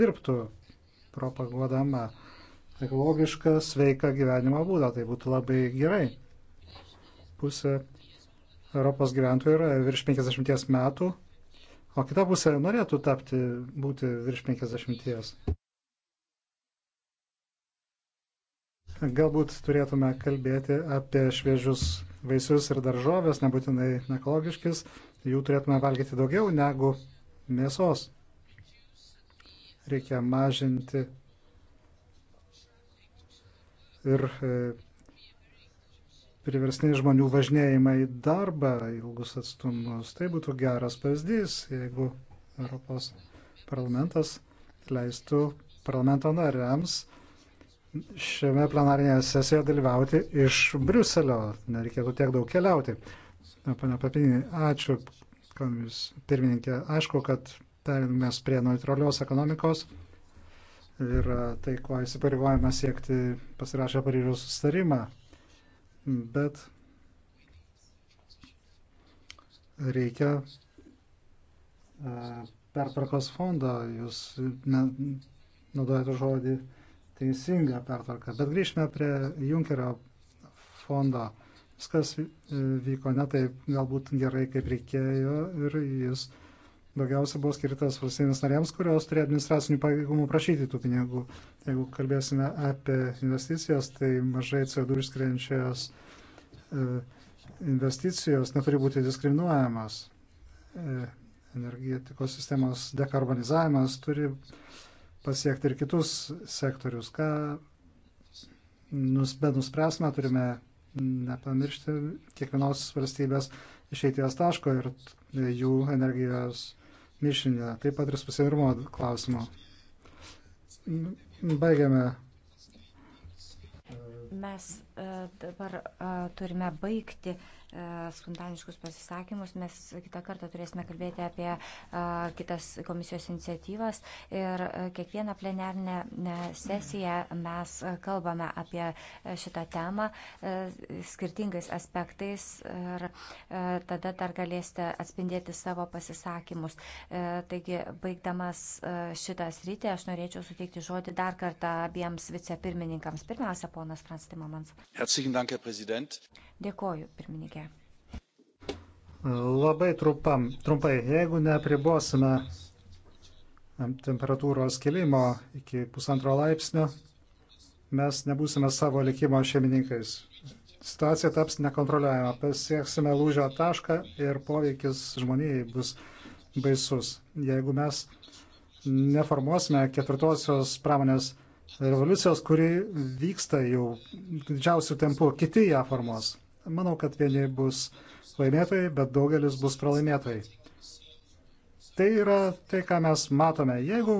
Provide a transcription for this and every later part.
dirbtų propaguodama ekologišką, sveiką gyvenimo būdą. Tai būtų labai gerai. Pusė Europos gyventojų yra virš 50 metų, o kita pusė norėtų tapti, būti virš 50. Galbūt turėtume kalbėti apie šviežius vaisius ir daržovės, nebūtinai ekologiškis, jų turėtume valgyti daugiau negu mėsos reikia mažinti ir e, priversnį žmonių važinėjimą į darbą ilgus atstumus. Tai būtų geras pavyzdys, jeigu Europos parlamentas leistų parlamento nariams šiame plenarinėje sesijoje dalyvauti iš Briuselio. Nereikėtų tiek daug keliauti. Pane Papinį, ačiū, komis pirmininkė. Aišku, kad perėmės prie neutralios ekonomikos ir e, tai, ko įsipareigojame siekti pasirašę Paryžiaus sustarimą. Bet reikia e, pertvarkos fondo, jūs naudojate žodį teisinga pertvarka. Bet grįžtume prie Junkerio fondo. Viskas e, vyko ne taip galbūt gerai, kaip reikėjo ir jis uh, daugiausia buvo skirtas valstybėms narėms, kurios turi administracinių pajėgumų prašyti tų pinigų. Jeigu kalbėsime apie investicijas, tai mažai CO2 išskiriančios e, investicijos neturi būti diskriminuojamas. E, energetikos sistemos dekarbonizavimas turi pasiekti ir kitus sektorius. Ką nus, bet nuspręsime, turime nepamiršti kiekvienos valstybės išeities taško ir e, jų energijos mišinę, taip pat ir susivirmo klausimo. Baigiame. Mes E, dabar e, turime baigti e, spontaniškus pasisakymus. Mes kitą kartą turėsime kalbėti apie kitas komisijos iniciatyvas. Ir kiekvieną plenernę sesiją mes kalbame apie šitą temą skirtingais aspektais. Ir tada dar galėsite atspindėti savo pasisakymus. Taigi, baigdamas šitą sritį, aš norėčiau suteikti žodį dar kartą abiems vicepirmininkams. Pirmiausia, ponas Frans Timomans. Dank, Herr Präsident. Dėkoju, pirmininkė. Labai trumpam, trumpai, jeigu nepribosime temperatūros kilimo iki pusantro laipsnio, mes nebūsime savo likimo šeimininkais. Situacija taps nekontroliuojama, pasieksime lūžio tašką ir poveikis žmonijai bus baisus. Jeigu mes neformuosime ketvirtosios pramonės revoliucijos, kuri vyksta jau didžiausių tempų, kiti ją formuos. Manau, kad vieni bus laimėtojai, bet daugelis bus pralaimėtojai. Tai yra tai, ką mes matome. Jeigu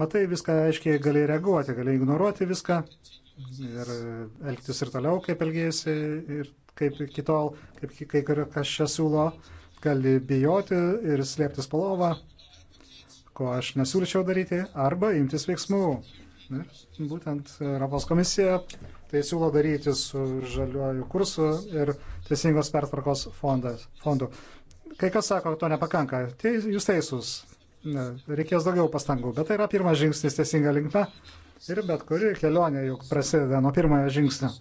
matai viską aiškiai, gali reaguoti, gali ignoruoti viską ir elgtis ir toliau, kaip elgėsi ir kaip kitol, kaip kai kas čia siūlo, gali bijoti ir slėptis palovą, ko aš nesiūlyčiau daryti, arba imtis veiksmų Ir būtent e, Europos komisija tai siūlo daryti su žaliuoju kursu ir teisingos pertvarkos fondas, fondu. Kai kas sako, to nepakanka. Tai jūs teisūs. Reikės daugiau pastangų, bet tai yra pirmas žingsnis teisinga linkme ir bet kuri kelionė juk prasideda nuo pirmojo žingsnio.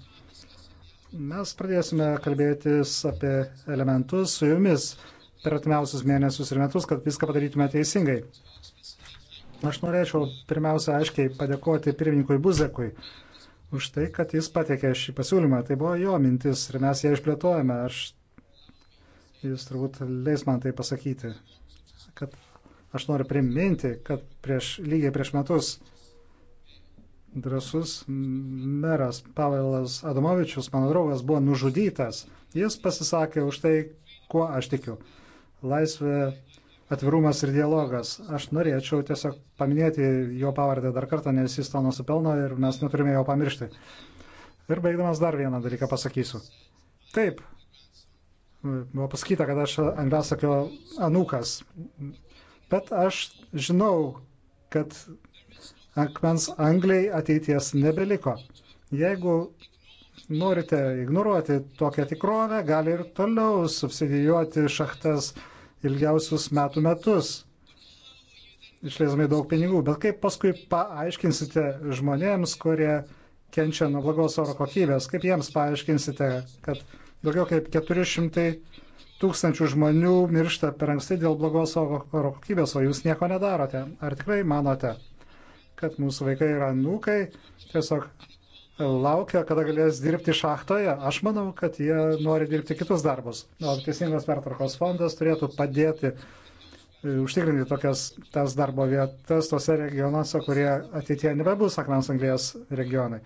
Mes pradėsime kalbėtis apie elementus su jumis per atmiausius mėnesius ir metus, kad viską padarytume teisingai. Aš norėčiau pirmiausia aiškiai padėkoti pirmininkui Buzekui už tai, kad jis patekė šį pasiūlymą. Tai buvo jo mintis ir mes ją išplėtojame. Aš, jis turbūt leis man tai pasakyti, kad aš noriu priminti, kad prieš, lygiai prieš metus drasus meras Pavelas Adamovičius, mano draugas, buvo nužudytas. Jis pasisakė už tai, kuo aš tikiu. Laisvė atvirumas ir dialogas. Aš norėčiau tiesiog paminėti jo pavardę dar kartą, nes jis to nusipelno ir mes neturime jo pamiršti. Ir baigdamas dar vieną dalyką pasakysiu. Taip, buvo pasakyta, kad aš anglasakio anūkas, bet aš žinau, kad akmens angliai ateities nebeliko. Jeigu norite ignoruoti tokią tikrovę, gali ir toliau subsidijuoti šachtas ilgiausius metų metus. Išleisime daug pinigų, bet kaip paskui paaiškinsite žmonėms, kurie kenčia nuo blogos oro kokybės, kaip jiems paaiškinsite, kad daugiau kaip 400 tūkstančių žmonių miršta per anksti dėl blogos oro kokybės, o jūs nieko nedarote. Ar tikrai manote, kad mūsų vaikai ir anūkai tiesiog laukia, kada galės dirbti šachtoje. Aš manau, kad jie nori dirbti kitus darbus. O Teisingos pertvarkos fondas turėtų padėti e, užtikrinti tokias tas darbo vietas tose regionuose, kurie ateitie nebebus akmens anglės regionai.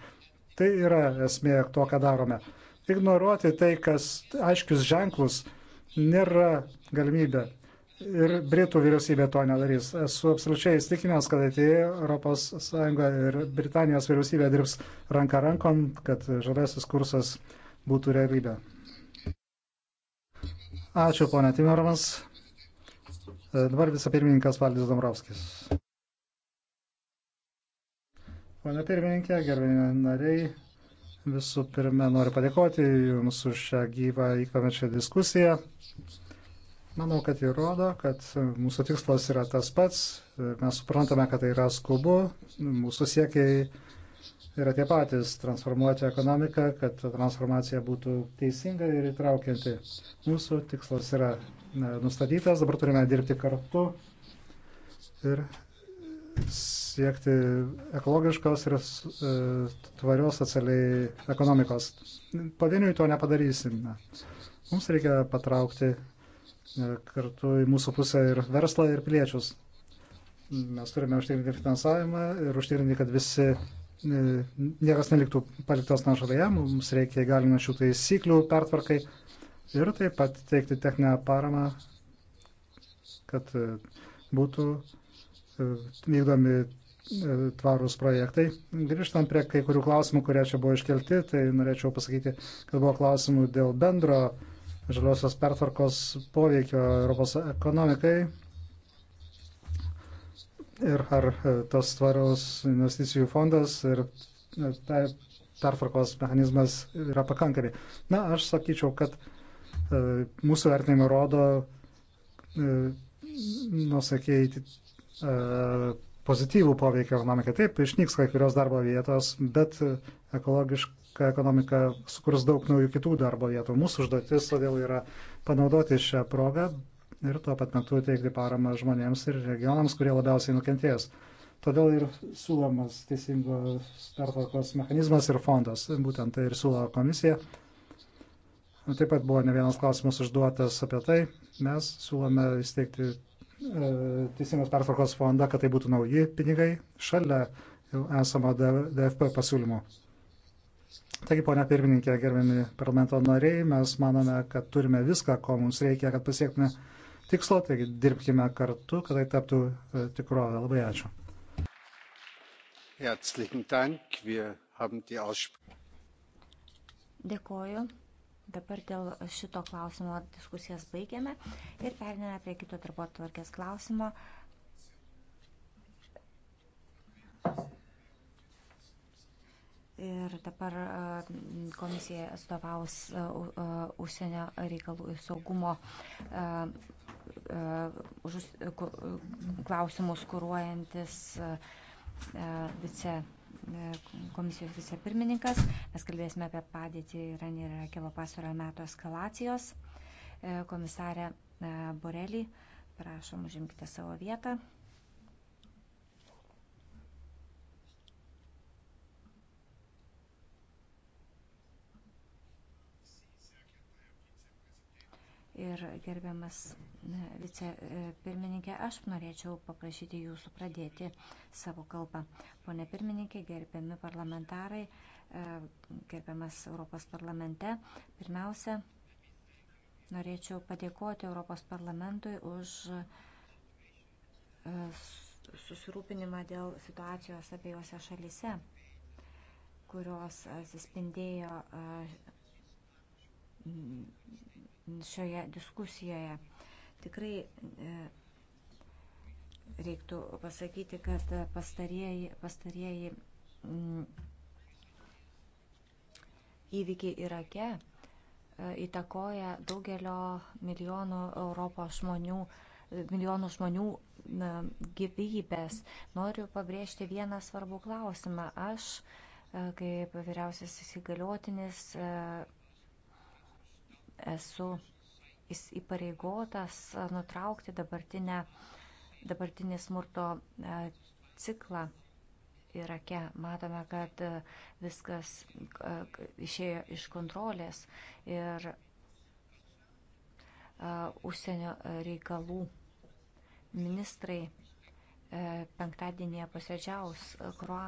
Tai yra esmė to, ką darome. Ignoruoti tai, kas aiškius ženklus, nėra galimybė ir Britų vyriausybė to nedarys. Esu absoliučiai įstikinęs, kad ateityje ES ir Britanijos vyriausybė dirbs ranką rankon, kad žalesis kursas būtų realybė. Ačiū, ponė Timermas. E, dabar visapirmininkas Valdis Domrovskis. Pane pirmininkė, gerbėjai nariai, visų pirma noriu padėkoti Jums už šią gyvą įkvepiančią diskusiją. Manau, kad įrodo, kad mūsų tikslas yra tas pats, mes suprantame, kad tai yra skubu, mūsų siekiai yra tie patys - transformuoti ekonomiką, kad transformacija būtų teisinga ir įtraukianti. Mūsų tikslas yra nustatytas, dabar turime dirbti kartu ir siekti ekologiškos ir e, tvarios socialiai ekonomikos. Pavieniui to nepadarysime. Mums reikia patraukti kartu į mūsų pusę ir verslą, ir piliečius. Mes turime užtikrinti finansavimą ir užtikrinti, kad visi e, niekas neliktų paliktas našalėje, mums reikia įgalinančių taisyklių pertvarkai ir taip pat teikti techninę paramą, kad e, būtų e, vykdomi tvarūs projektai. Grįžtant prie kai kurių klausimų, kurie čia buvo iškelti, tai norėčiau pasakyti, kad buvo klausimų dėl bendro žaliosios pertvarkos poveikio Europos ekonomikai ir ar e, tas tvaraus investicijų fondas ir e, pertvarkos mechanizmas yra pakankami. Na, aš sakyčiau, kad e, mūsų vertinimai rodo nusakiai pozityvų poveikį ekonomikai. Taip, išnyks kai kurios darbo vietos, bet ekologiškai dinamiška ekonomika sukurs daug naujų kitų darbo vietų. Mūsų užduotis todėl yra panaudoti šią progą ir tuo pat metu teikti paramą žmonėms ir regionams, kurie labiausiai nukentės. Todėl ir siūlomas teisingos pertvarkos mechanizmas ir fondas. Būtent tai ir siūlo komisija. Taip pat buvo ne vienas klausimas užduotas apie tai. Mes siūlome įsteigti e, teisingos pertvarkos fondą, kad tai būtų nauji pinigai šalia esamo DFP pasiūlymo. Taigi, ponia pirmininkė, gerbiami parlamento nariai, mes manome, kad turime viską, ko mums reikia, kad pasiektume tikslo, taigi dirbkime kartu, kad tai taptų e, tikrovę. Labai ačiū. Dėkoju. Dabar dėl šito klausimo diskusijas baigėme ir perinėme prie kito darbo tvarkės klausimo. Ir dabar komisija atstovaus užsienio reikalų ir saugumo klausimus kūruojantis vice komisijos vicepirmininkas. Mes kalbėsime apie padėtį Irane ir Irake pasarojo metų eskalacijos. E, komisarė Borelį, prašom, užimkite savo vietą. ir gerbiamas e, vicepirmininkė, aš norėčiau paprašyti jūsų pradėti savo kalbą. Pone pirmininkė, gerbiami parlamentarai, e, gerbiamas Europos parlamente, pirmiausia, norėčiau padėkoti Europos parlamentui už e, susirūpinimą dėl situacijos abiejose šalise, kurios atsispindėjo šioje diskusijoje. Tikrai e, reiktų pasakyti, kad pastarieji, pastarieji mm, įvykiai Irake e, įtakoja daugelio milijonų Europos žmonių, e, milijonų žmonių gyvybės. Noriu pabrėžti vieną svarbų klausimą. Aš, kaip vyriausias įsigaliotinis, esu įpareigotas nutraukti dabartinę, dabartinį smurto e, ciklą Irake. Matome, kad e, viskas e, išėjo iš kontrolės ir užsienio reikalų ministrai penktadienį posėdžiaus Kroa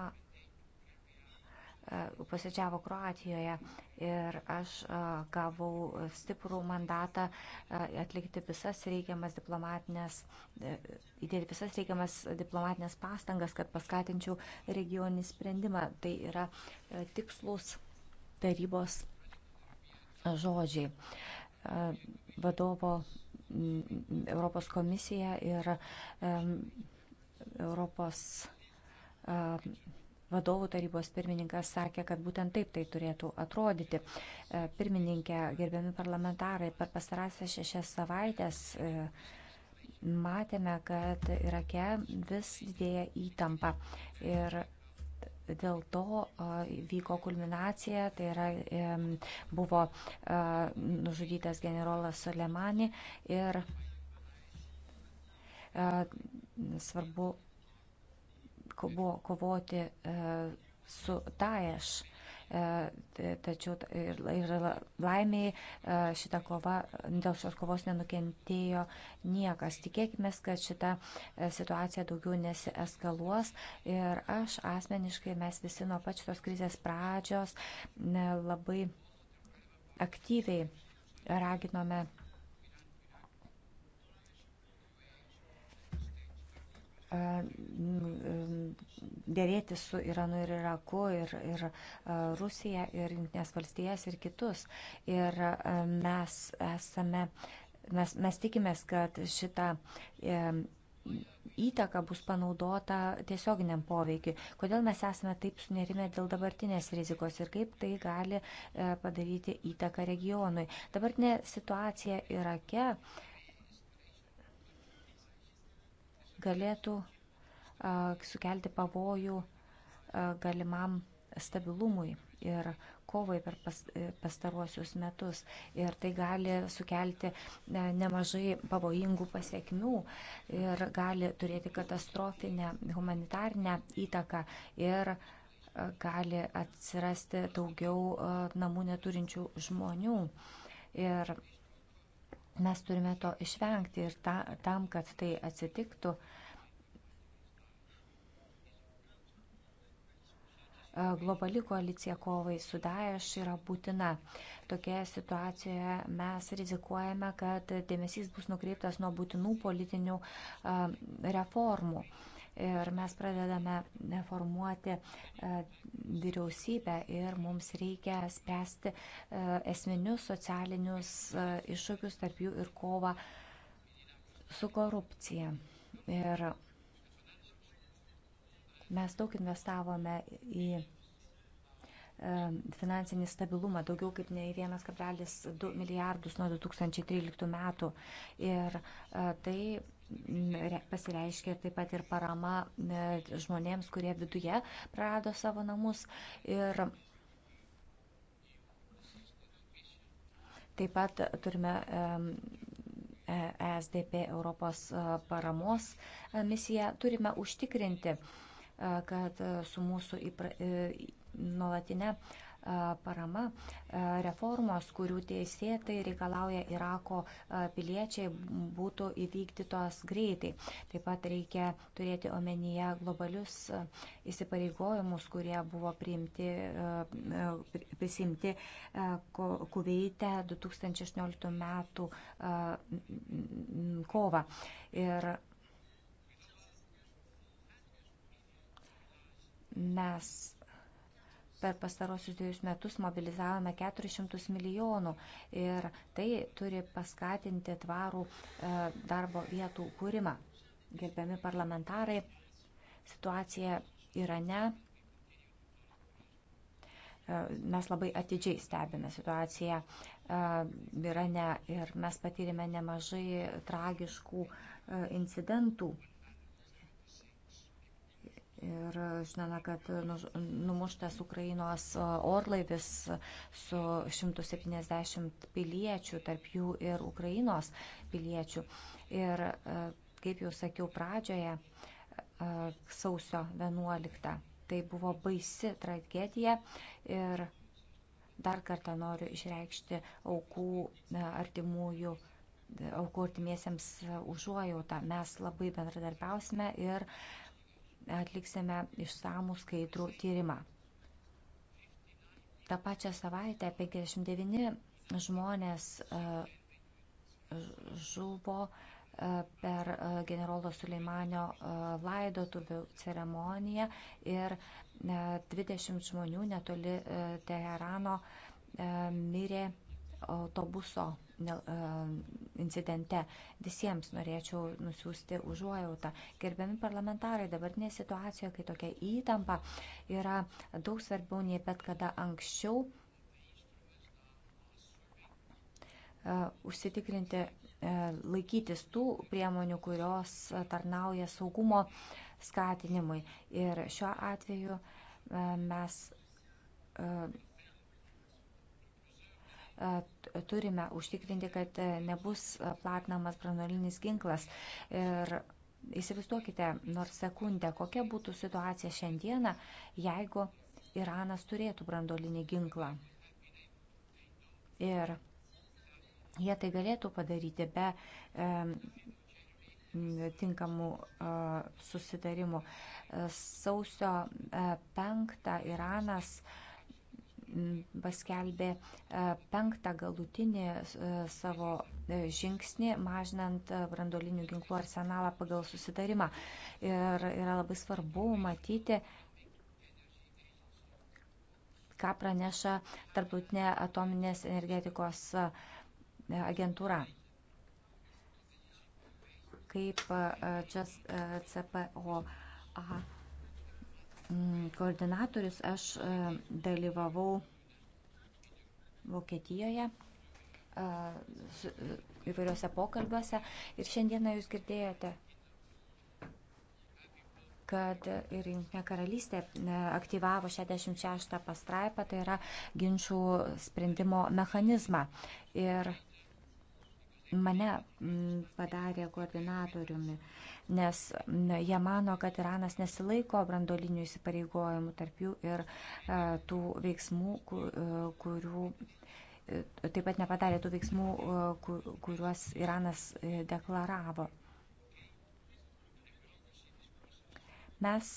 E, posėdžiavo Kroatijoje ir aš e, gavau stiprų mandatą e, atlikti visas reikiamas diplomatinės, įdėti visas reikiamas diplomatinės pastangas, kad paskatinčiau regioninį sprendimą. Tai yra tikslus tarybos žodžiai. Vadovo Europos komisija ir Europos vadovų tarybos pirmininkas sakė, kad būtent taip tai turėtų atrodyti. E, pirmininkė, gerbiami parlamentarai, per pastarąsias šešias savaitės e, matėme, kad Irake vis didėja įtampa. Ir dėl to e, vyko kulminacija, tai yra buvo nužudytas generolas Soleimani ir svarbu buvo kovoti e, su Daesh. E, tačiau ir, ir laimiai e, šitą kovą, dėl šios kovos nenukentėjo niekas. Tikėkime, kad šita situacija daugiau nesieskaluos ir aš asmeniškai, mes visi nuo pačios krizės pradžios labai aktyviai raginome dėrėti su Iranu ir Iraku ir, ir Rusija ir Junktinės valstijas ir kitus. Ir mes esame, mes, mes tikimės, kad šitą e, įtaka bus panaudota tiesioginiam poveikiui. Kodėl mes esame taip sunerime dėl dabartinės rizikos ir kaip tai gali e, padaryti įtaką regionui. Dabartinė situacija Irake. Ir galėtų sukelti pavojų galimam stabilumui ir kovai per pas, e, pastaruosius metus. Ir tai gali sukelti e, nemažai pavojingų pasiekmių ir gali turėti katastrofinę humanitarnę įtaką ir e, gali atsirasti daugiau namų neturinčių žmonių. Ir Mes turime to išvengti ir ta, tam, kad tai atsitiktų, e, globali koalicija kovai su Daesh yra būtina. Tokioje situacijoje mes rizikuojame, kad dėmesys bus nukreiptas nuo būtinų politinių e, reformų. Uh, ir mes pradedame formuoti e, vyriausybę ir mums reikia spręsti e, esminius socialinius e, iššūkius, tarp jų ir kovą su korupcija. Ir mes daug investavome į finansinį stabilumą daugiau kaip nei 1,2 milijardus nuo 2013 metų. Ir tai pasireiškia taip pat ir parama e, žmonėms, kurie viduje prarado savo namus. Ir taip pat turime ESDP e, e Europos paramos misiją. Turime užtikrinti, kad su mūsų nuolatinė įpra parama, reformos, kurių teisėtai reikalauja Irako piliečiai, būtų įvykdytos greitai. Taip pat reikia turėti omenyje globalius įsipareigojimus, kurie buvo priimti, prisimti Kuveite 2018 metų kovą. Ir mes per pastarosius dviejus metus mobilizavome 400 milijonų ir tai turi paskatinti tvarų e, darbo vietų kūrimą. Gerbiami parlamentarai, situacija Irane. E, mes labai atidžiai stebime situaciją e, Irane ir mes patyrėme nemažai tragiškų incidentų Ir e, žinome, kad nu, numuštas Ukrainos e, orlaivis su 170 piliečių, tarp jų ir Ukrainos piliečių. Ir e, kaip jau sakiau pradžioje, sausio 11. Tai buvo baisi tragedija ir dar kartą noriu išreikšti aukų artimųjų aukų artimiesiems užuojautą. Mes labai bendradarbiausime ir uh, atliksime išsamų skaidrų tyrimą. Ta pačią savaitę 59 žmonės e, žuvo e, per e, generolo Suleimanio laidotuvių ceremoniją ir 20 žmonių netoli Teherano mirė autobuso e, incidente. Visiems norėčiau nusiųsti užuojautą. Gerbiami parlamentarai, dabartinė situacija, kai tokia įtampa yra daug svarbiau nei bet kada anksčiau e, užsitikrinti, e, laikytis tų priemonių, kurios tarnauja saugumo skatinimui. Ir šiuo atveju mes E, turime užtikrinti, kad e, nebus platinamas branolinis ginklas. Ir įsivaizduokite nors sekundę, kokia būtų situacija šiandieną, jeigu Iranas turėtų brandolinį ginklą. Ir jie tai galėtų padaryti be e, tinkamų e, susitarimų. E, sausio e, penktą Iranas e, paskelbė e, penktą galutinį e, savo e, žingsnį, mažinant brandolinių ginklų arsenalą pagal susitarimą. Ir yra labai svarbu matyti, ką praneša Tarptautinė atominės energetikos agentūra. Kaip CPOA Mm, koordinatorius, aš e, dalyvavau Vokietijoje e, e, įvairiuose pokalbiuose ir šiandieną jūs girdėjote, kad ir Junktinė karalystė aktyvavo 66 pastraipą, tai yra ginčių sprendimo mechanizmą. Ir mane padarė koordinatoriumi, nes jie mano, kad Iranas nesilaiko brandolinių įsipareigojimų, tarp jų ir e, tų veiksmų, e, kurių e, taip pat nepadarė tų veiksmų, kuriuos Iranas deklaravo. Mes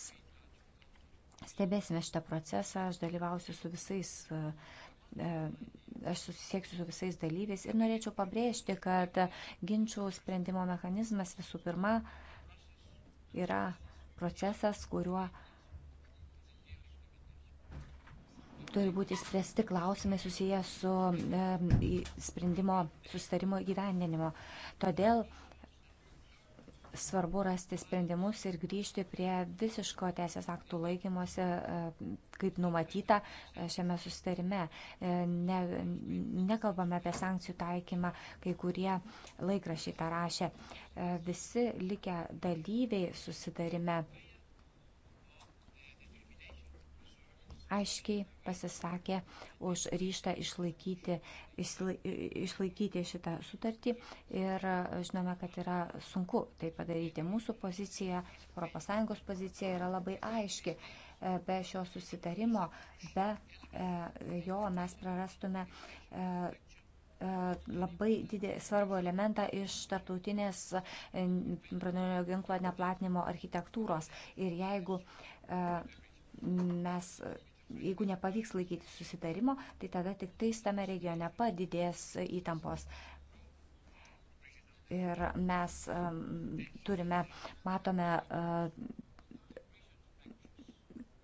stebėsime šitą procesą, aš dalyvausiu su visais uh, E, aš susisieksiu su visais dalyviais ir norėčiau pabrėžti, kad ginčių sprendimo mechanizmas visų pirma yra procesas, kuriuo turi būti spręsti klausimai susiję su e, sprendimo sustarimo įgyvendinimo. Todėl svarbu rasti sprendimus ir grįžti prie visiško teisės aktų laikymosi, e, kaip numatyta e, šiame susitarime. E, ne, nekalbame apie sankcijų taikymą, kai kurie laikrašiai tą rašė. Visi likę dalyviai susitarime aiškiai pasisakė už ryštą išlaikyti, išlaikyti šitą sutartį ir e, žinome, kad yra sunku tai padaryti. Mūsų pozicija, ES pozicija yra labai aiški. E, be šio susitarimo, be e, jo mes prarastume labai didelį svarbų elementą iš tarptautinės branduolinio ginklo neplatinimo architektūros. Ir jeigu mes jeigu nepavyks laikyti susitarimo, tai tada tik tais tame regione padidės įtampos. Ir mes um, turime, matome, uh,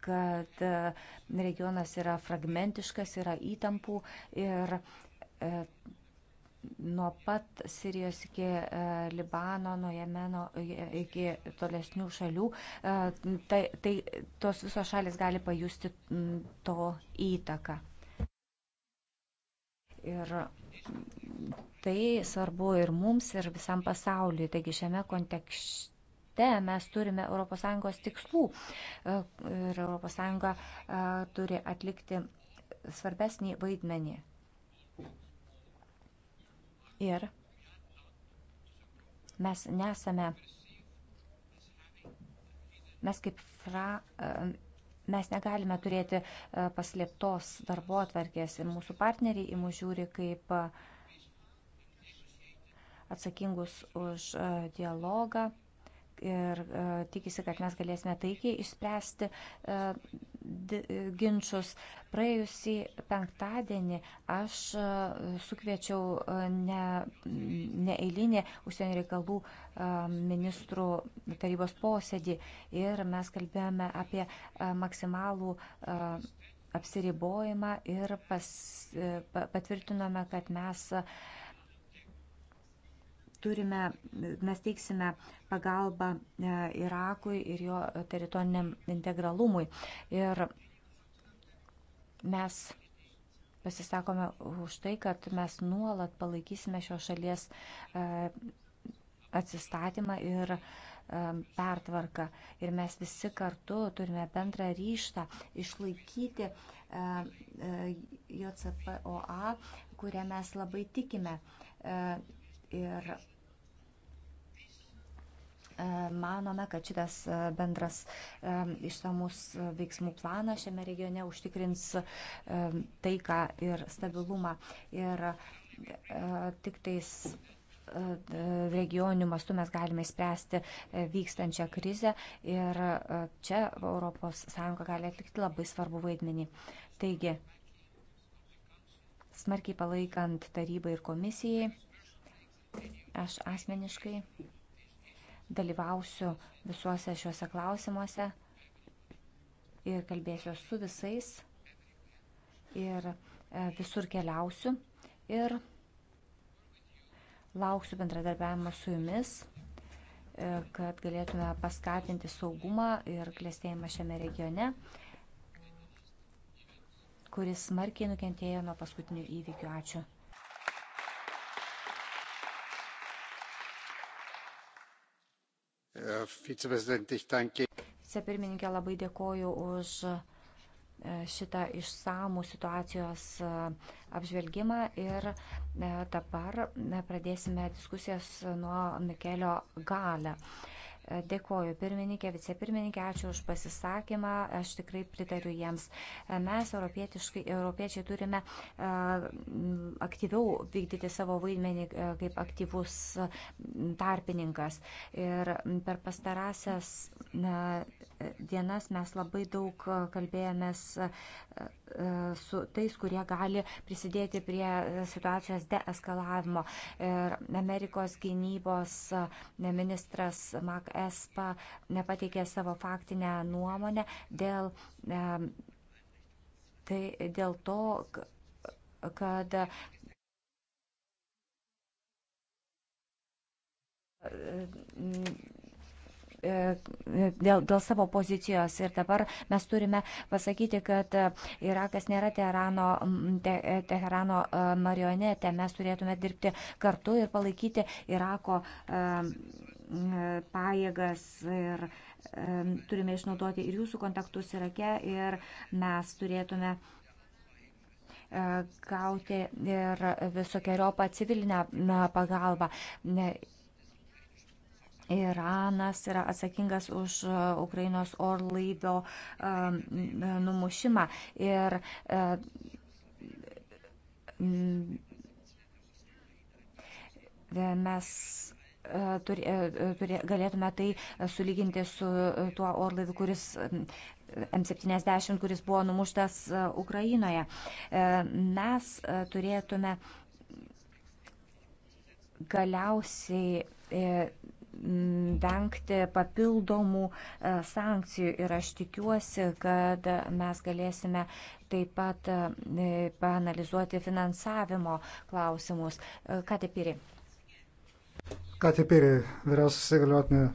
kad uh, regionas yra fragmentiškas, yra įtampų ir uh, nuo pat Sirijos iki e, Libano, nuo Jemeno e, iki tolesnių šalių, e, tai, tai tos visos šalis gali pajusti to įtaką. Ir tai svarbu ir mums, ir visam pasauliu. Taigi šiame kontekste kontekste mes turime ES tikslų ir ES turi atlikti svarbesnį vaidmenį Ir mes nesame, mes kaip fra, e, mes negalime turėti e, paslėptos darbo atverkės ir mūsų partneriai į mus žiūri kaip e, atsakingus už dialogą ir e, tikisi, kad mes galėsime taikiai išspręsti e, ginčius. Praėjusį penktadienį aš e, sukviečiau neeilinį ne užsienio reikalų ministrų tarybos posėdį ir mes kalbėjome apie maksimalų apsiribojimą ir pas, patvirtinome, kad mes turime, mes teiksime pagalbą e, Irakui ir jo teritoriniam integralumui. Ir mes pasisakome už tai, kad mes nuolat palaikysime šios šalies e, atsistatymą ir e, pertvarką. Ir mes visi kartu turime bendrą ryštą išlaikyti JCPOA, kurią mes labai tikime Ir e, manome, kad šitas e, bendras e, išsamus veiksmų planas šiame regione užtikrins taiką ir stabilumą. Ir tik tais regioniniu mastu mes galime spręsti vykstančią krizę ir čia ES gali atlikti labai svarbu vaidmenį. Taigi, smarkiai palaikant tarybai ir komisijai Aš asmeniškai dalyvausiu visuose šiuose klausimuose ir kalbėsiu su visais ir e, visur keliausiu ir lauksiu bendradarbiavimo su jumis, e, kad galėtume paskatinti saugumą ir klėstėjimą šiame regione, kuris smarkiai nukentėjo nuo paskutinių įvykių. Ačiū. Vicepirmininkė, labai dėkoju už e, šitą išsamų situacijos e, apžvelgimą ir e, dabar pradėsime diskusijas nuo Mikelio galę. Dėkoju pirmininkė, vicepirmininkė, ačiū už pasisakymą, aš tikrai pritariu jiems. Mes, europiečiai, turime aktyviau vykdyti savo vaidmenį kaip aktyvus tarpininkas. Ir per pastarąsias dienas mes labai daug kalbėjomės su tais, kurie gali prisidėti prie situacijos deeskalavimo. Ir Amerikos gynybos ministras Mark ESPA nepateikė savo faktinę nuomonę dėl, tai, dėl to, kad e, e, dėl, dėl savo pozicijos. Ir dabar mes turime pasakyti, kad Irakas nėra Teherano, te, Teherano e, marionetė. Mes turėtume dirbti kartu ir palaikyti Irako. Uh, E, pajėgas ir e, turime išnaudoti ir jūsų kontaktus Irake ir mes turėtume e, gauti ir visokiojopą civilinę pagalbą. Iranas yra atsakingas už Ukrainos orlaivio numušimą ir mes turė, e, turė, e, galėtume tai sulyginti su tuo orlaiviu, kuris e, M70, kuris buvo numuštas Ukrainoje. Mes turėtume galiausiai vengti papildomų sankcijų ir aš tikiuosi, kad mes galėsime taip pat panalizuoti finansavimo klausimus. Ką taip ir? Ką tik ir vyriausias įgaliotinė.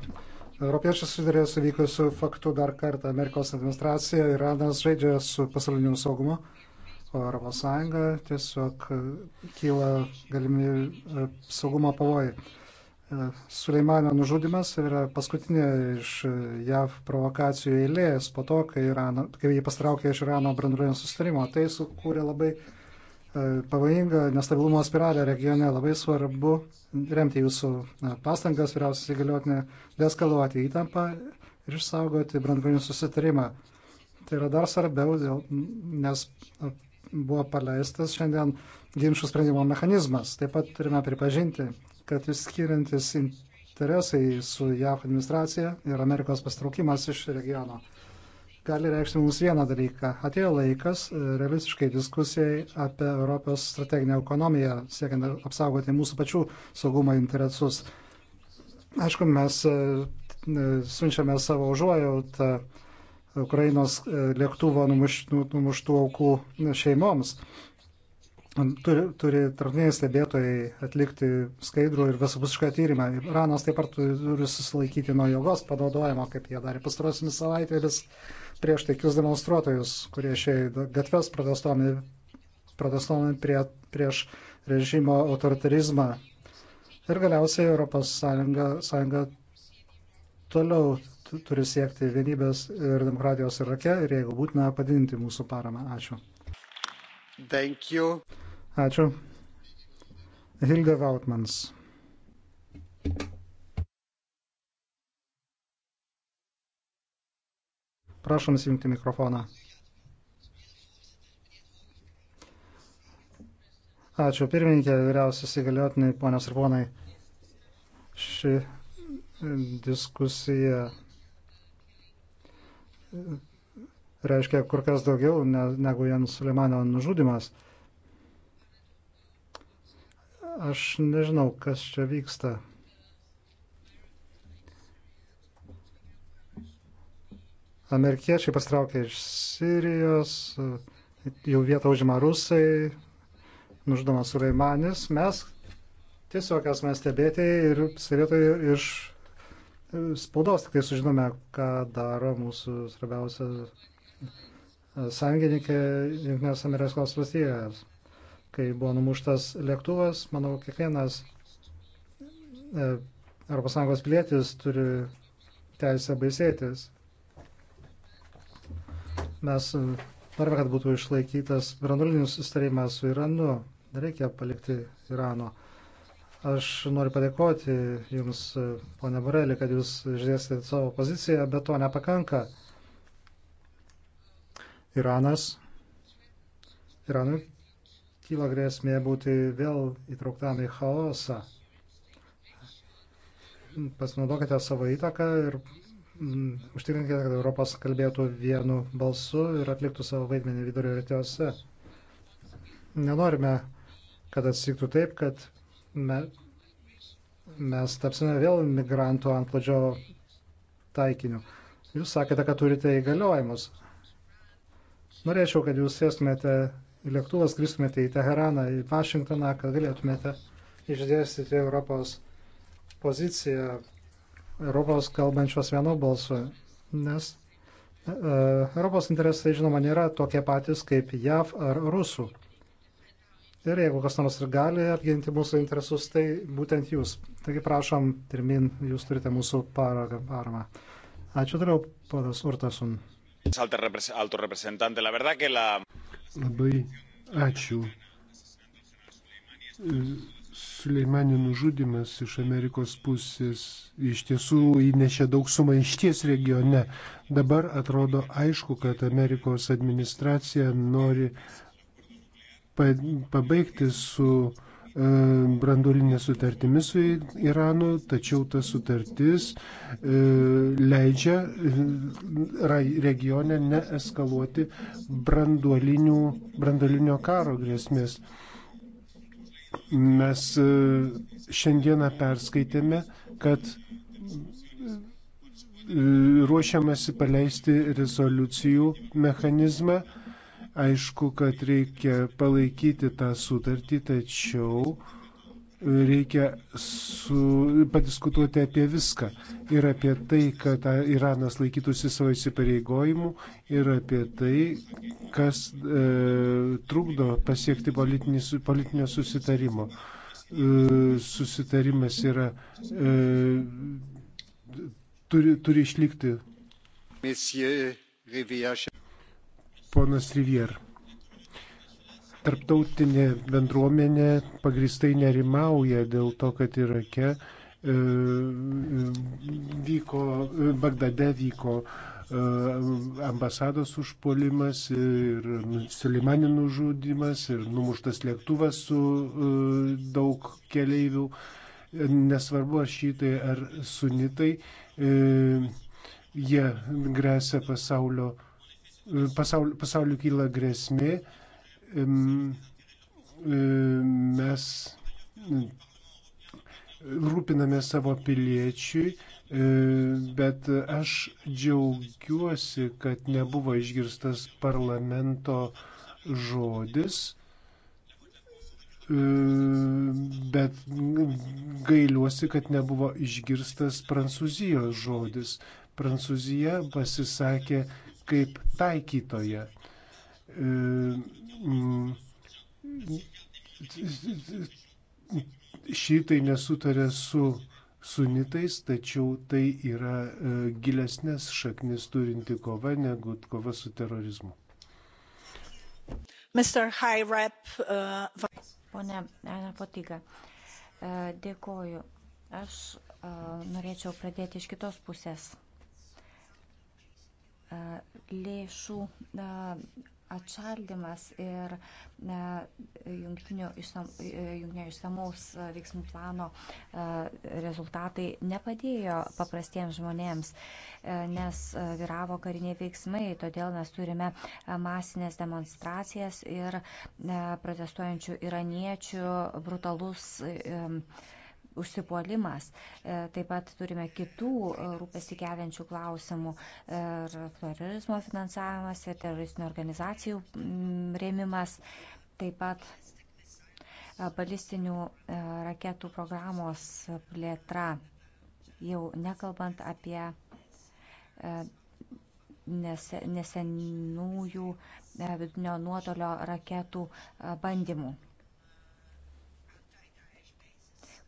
Europiečiai susidarė su vykusiu faktu dar kartą. Amerikos administracija ir Iranas žaidžia su pasauliniu saugumu, o ES tiesiog kyla galimi e, saugumo pavojai. E, Suleimano nužudimas yra paskutinė iš e, JAV provokacijų eilės po to, kai, Irano, kai jį pastraukė iš Irano branduolinio sustarimo. Tai sukūrė labai uh, E, pavojinga nestabilumo spiralė regione. Labai svarbu remti jūsų e, pastangas, vyriausias įgaliotinė, deskaluoti įtampą ir išsaugoti brandgalinį susitarimą. Tai yra dar svarbiau, dėl, nes e, buvo paleistas šiandien ginčių sprendimo mechanizmas. Taip pat turime pripažinti, kad vis skiriantis interesai su JAV administracija ir Amerikos pastraukimas iš regiono gali reikšti mums vieną dalyką. Atėjo laikas e, realistiškai diskusijai apie Europos strateginę ekonomiją, siekiant apsaugoti mūsų pačių saugumo interesus. Aišku, mes e, e, siunčiame savo užuojautą Ukrainos lėktuvo numuštų, numuštų aukų šeimoms. Turi, turi tarptautiniai stebėtojai atlikti skaidrų ir visapusišką tyrimą. Iranas taip pat turi susilaikyti nuo jėgos panaudojimo, kaip jie darė pastarosiamis savaitėmis. Vis prieš taikius demonstruotojus, kurie išėjo gatves protestuodami, protestuodami prie, prieš režimo autoritarizmą. Ir galiausiai Europos Sąjunga, sąjunga toliau turi siekti vienybės ir demokratijos Irake ir jeigu būtina padidinti mūsų paramą. Ačiū. Ačiū. Hilde Vautmans. Prašom įjungti mikrofoną. Ačiū pirmininkė, vyriausias įgaliotiniai, ponios ir ponai. Ši e, diskusija reiškia kur kas daugiau negu Jens Suleimano nužudimas. Aš nežinau, kas čia vyksta. Amerikiečiai pastraukė iš Sirijos, jau vietą užima rusai, nužudomas Suraimanis. Mes tiesiog esame stebėtėjai ir stebėtojai iš e, spaudos tik tai sužinome, ką daro mūsų svarbiausia e, sąjungininkė Junktinės Amerikos valstijos. Kai buvo numuštas lėktuvas, manau, kiekvienas ES pilietis turi teisę baisėtis. Mes norime, kad būtų išlaikytas branduolinis sustarimas su Iranu. Reikia palikti Irano. Aš noriu padėkoti Jums, ponė Borelė, kad Jūs išdėstėte savo poziciją, bet to nepakanka. Iranas. Iranui kyla grėsmė būti vėl įtrauktam į chaosą. Pasinaudokite savo įtaką ir užtikrinkite, kad Europas kalbėtų vienu balsu ir atliktų savo vaidmenį vidurio rytuose. Nenorime, kad atsitiktų taip, kad me, mes tapsime vėl migrantų antplodžio taikiniu. Jūs sakėte, kad turite įgaliojimus. Norėčiau, kad jūs sėstumėte į lėktuvą, skristumėte į Teheraną, į Vašingtoną, kad galėtumėte išdėstyti Europos poziciją Europos kalbančios vienu balsu, nes e, Europos interesai, žinoma, nėra tokie patys kaip JAV ar Rusų. Ir jeigu kas nors ir gali apginti mūsų interesus, tai būtent jūs. Taigi prašom, pirmin, jūs turite mūsų paramą. Ačiū toliau, ponas Urtasun. Labai ačiū Suleimanį nužudimas iš Amerikos pusės iš tiesų įnešė daug sumaišties regione. Dabar atrodo aišku, kad Amerikos administracija nori pabaigti su e, branduolinė sutartimis su Iranu, tačiau ta sutartis e, leidžia e, regione neeskaluoti branduolinio karo grėsmės. Mes e, šiandieną perskaitėme, kad e, ruošiamasi paleisti rezoliucijų mechanizmą. Aišku, kad reikia palaikyti tą sutartį, tačiau uh, reikia su, padiskutuoti apie viską. Ir apie tai, kad Iranas laikytųsi savo įsipareigojimų, ir apie tai, kas e, trukdo pasiekti politinį, politinio susitarimo. E, susitarimas yra, e, turi, turi išlikti. Ponas Rivier. Tarptautinė bendruomenė pagristai nerimauja dėl to, kad Irake e, vyko, e, Bagdade vyko e, ambasados užpuolimas ir Sulimani nužudimas ir numuštas lėktuvas su daug keleivių. Nesvarbu, ar šitai ar sunitai, jie grėsia pasaulio, pasaulio, pasaulio kyla grėsmė E, mes e, rūpiname savo piliečiui, e, bet aš džiaugiuosi, kad nebuvo išgirstas parlamento žodis, bet gailiuosi, kad nebuvo išgirstas Prancūzijos žodis. Prancūzija pasisakė kaip taikytoja. Mm, šitai nesutarė su sunitais, tačiau tai yra gilesnės šaknis turinti kova negu kova su terorizmu. Rep, uh... Pone Ana Potiga, dėkoju. Aš norėčiau pradėti iš kitos pusės. Lėšų atšaldimas ir e, e, jungtinio išsamaus e, veiksmų plano rezultatai nepadėjo paprastiems žmonėms, nes vyravo kariniai veiksmai, todėl mes turime masinės demonstracijas ir protestuojančių iraniečių brutalus užsipuolimas. E, taip pat turime kitų e, rūpesį keliančių klausimų e, ir terorizmo finansavimas ir teroristinių organizacijų mm, rėmimas. Taip pat balistinių raketų programos plėtra, jau nekalbant apie nesenųjų vidutinio nuotolio raketų bandymų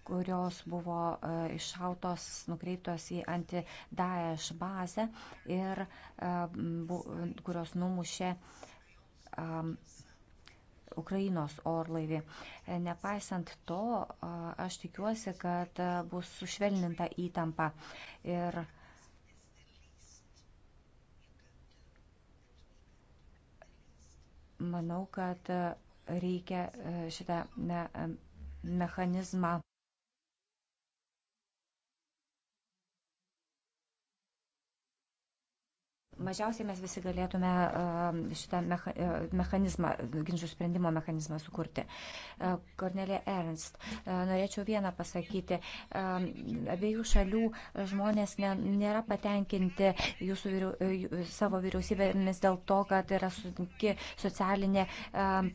kurios buvo e, iššautos, nukreiptos į anti-Daesh bazę ir e, kurios numušė Ukrainos orlaivį. E, nepaisant to, aš tikiuosi, kad bus sušvelninta įtampa ir manau, kad reikia šitą mechanizmą mažiausiai mes visi galėtume e, šitą e, mechanizmą, ginčių sprendimo mechanizmą sukurti. E, Kornelė Ernst, norėčiau vieną pasakyti. Abiejų šalių žmonės nėra patenkinti jūsų, savo vyriausybėmis dėl to, kad yra sunki socialinė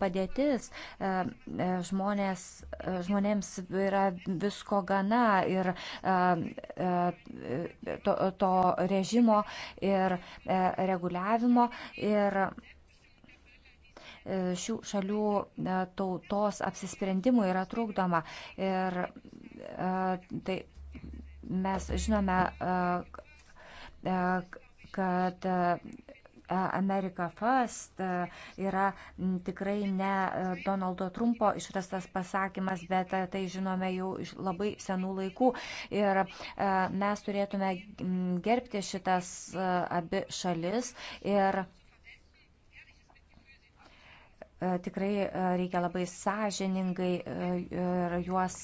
padėtis. Žmonės, žmonėms yra visko gana ir to, to režimo ir reguliavimo ir e, šių šalių e, tautos apsisprendimų yra trukdoma. Ir e, tai mes žinome, kad America First yra tikrai ne Donaldo Trumpo išrastas pasakymas, bet tai žinome jau iš labai senų laikų. Ir mes turėtume gerbti šitas abi šalis ir E, tikrai e, reikia labai sąžiningai e, ir juos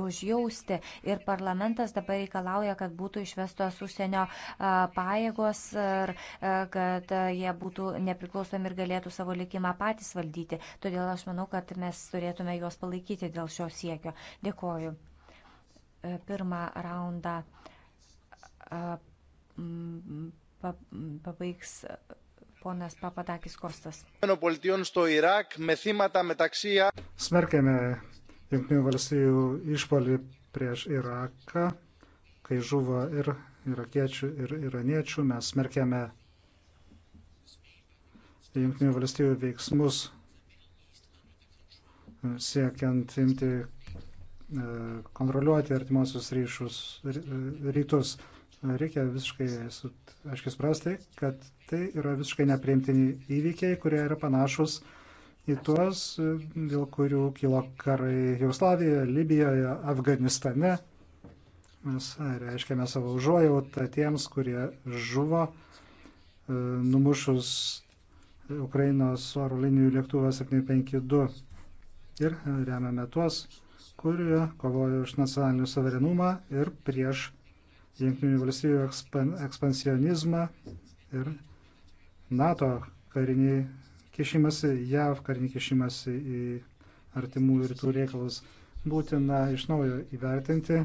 užjausti. Ir parlamentas dabar reikalauja, kad būtų išvestos užsienio pajėgos ir kad jie būtų nepriklausomi ir galėtų savo likimą patys valdyti. Todėl aš manau, kad mes turėtume juos palaikyti dėl šio siekio. Dėkoju. Pirmą raundą pabaigs. Pa, pa, ponas Papadakis Kostas. Smerkėme Junktinių valstybių išpolį prieš Iraką, kai žuvo ir irakiečių, ir iraniečių. Mes smerkėme Junktinių valstybių veiksmus siekiant imti e, kontroliuoti artimuosius ryšius rytus. Ry, ry, ry, ry, ry, ry, ry, ry, Reikia visiškai aiškiai suprasti, kad tai yra visiškai nepriimtini įvykiai, kurie yra panašus į tuos, dėl kurių kilo karai Jugoslavijoje, Libijoje, Afganistane. Mes reiškiame savo užuojautą tiems, kurie žuvo e, numušus Ukrainos oro linijų lėktuvą 752 ir remiame tuos, kurie kovojo už nacionalinį suverenumą ir prieš Junktinių valstybių ekspan, ekspansionizmą ir NATO karinį kišimąsi, JAV karinį kišimąsi į artimų rytų reikalus. Būtina iš naujo įvertinti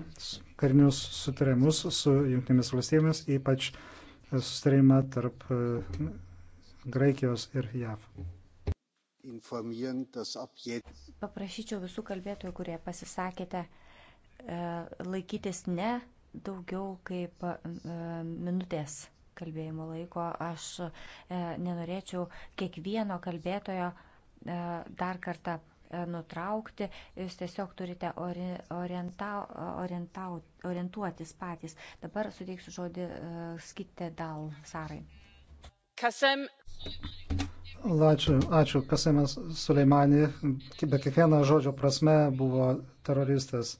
karinius sutarimus su Junktinėmis valstybėmis, ypač sustarimą tarp e, Graikijos ir JAV. Paprašyčiau visų kalbėtojų, kurie pasisakėte, e, laikytis ne daugiau kaip e, minutės kalbėjimo laiko. Aš e, nenorėčiau kiekvieno kalbėtojo e, dar kartą nutraukti, jūs tiesiog turite orienta, orienta, orientuotis patys. Dabar suteiksiu žodį skite dal Sarai. Kasem. Ačiū, ačiū. Kasemas Suleimani, be kiekvieno žodžio prasme, buvo teroristas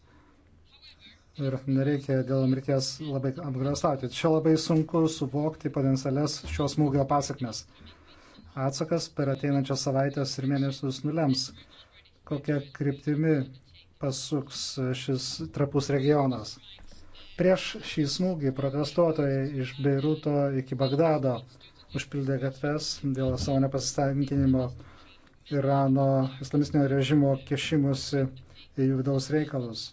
ir nereikia dėl mirties labai apgrastauti. Čia labai sunku suvokti potencialias šios smūgio pasakmes. Atsakas per ateinančias savaitės ir mėnesius nulems, kokia kryptimi pasuks šis trapus regionas. Prieš šį smūgį protestuotojai iš Beiruto iki Bagdado užpildė gatves dėl savo nepasistenkinimo Irano islamistinio režimo kišimusi į jų vidaus reikalus.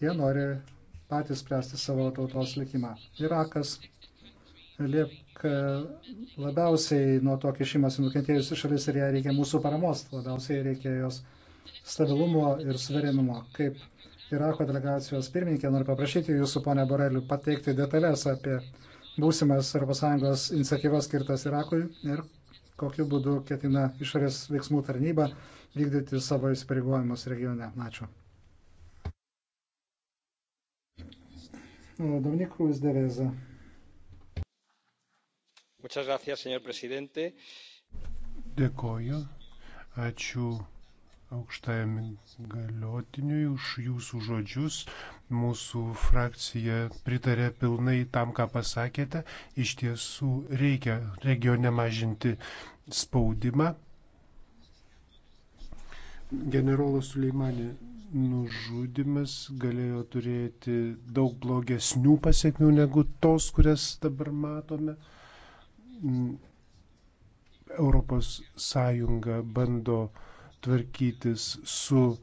Jie nori patys spręsti savo tautos likimą. Irakas lieka labiausiai nuo to kišimosi nukentėjusi šalis ir jai reikia mūsų paramos, labiausiai reikia jos stabilumo ir suverenumo. Kaip Irako delegacijos pirmininkė, noriu paprašyti jūsų, ponė Boreliu, pateikti detalės apie būsimas ES iniciatyvas skirtas Irakui ir kokiu būdu ketina išorės veiksmų tarnyba vykdyti savo įsipareigojimus regione. Ačiū. Dominik Cruz de Veza. Dėkoju. Ačiū aukštajam galiotiniui už jūsų žodžius. Mūsų frakcija pritarė pilnai tam, ką pasakėte. Iš tiesų reikia regione mažinti spaudimą. Generolas Suleimanė nužudimas galėjo turėti daug blogesnių pasiekmių negu tos, kurias dabar matome. Europos Sąjunga bando tvarkytis su e,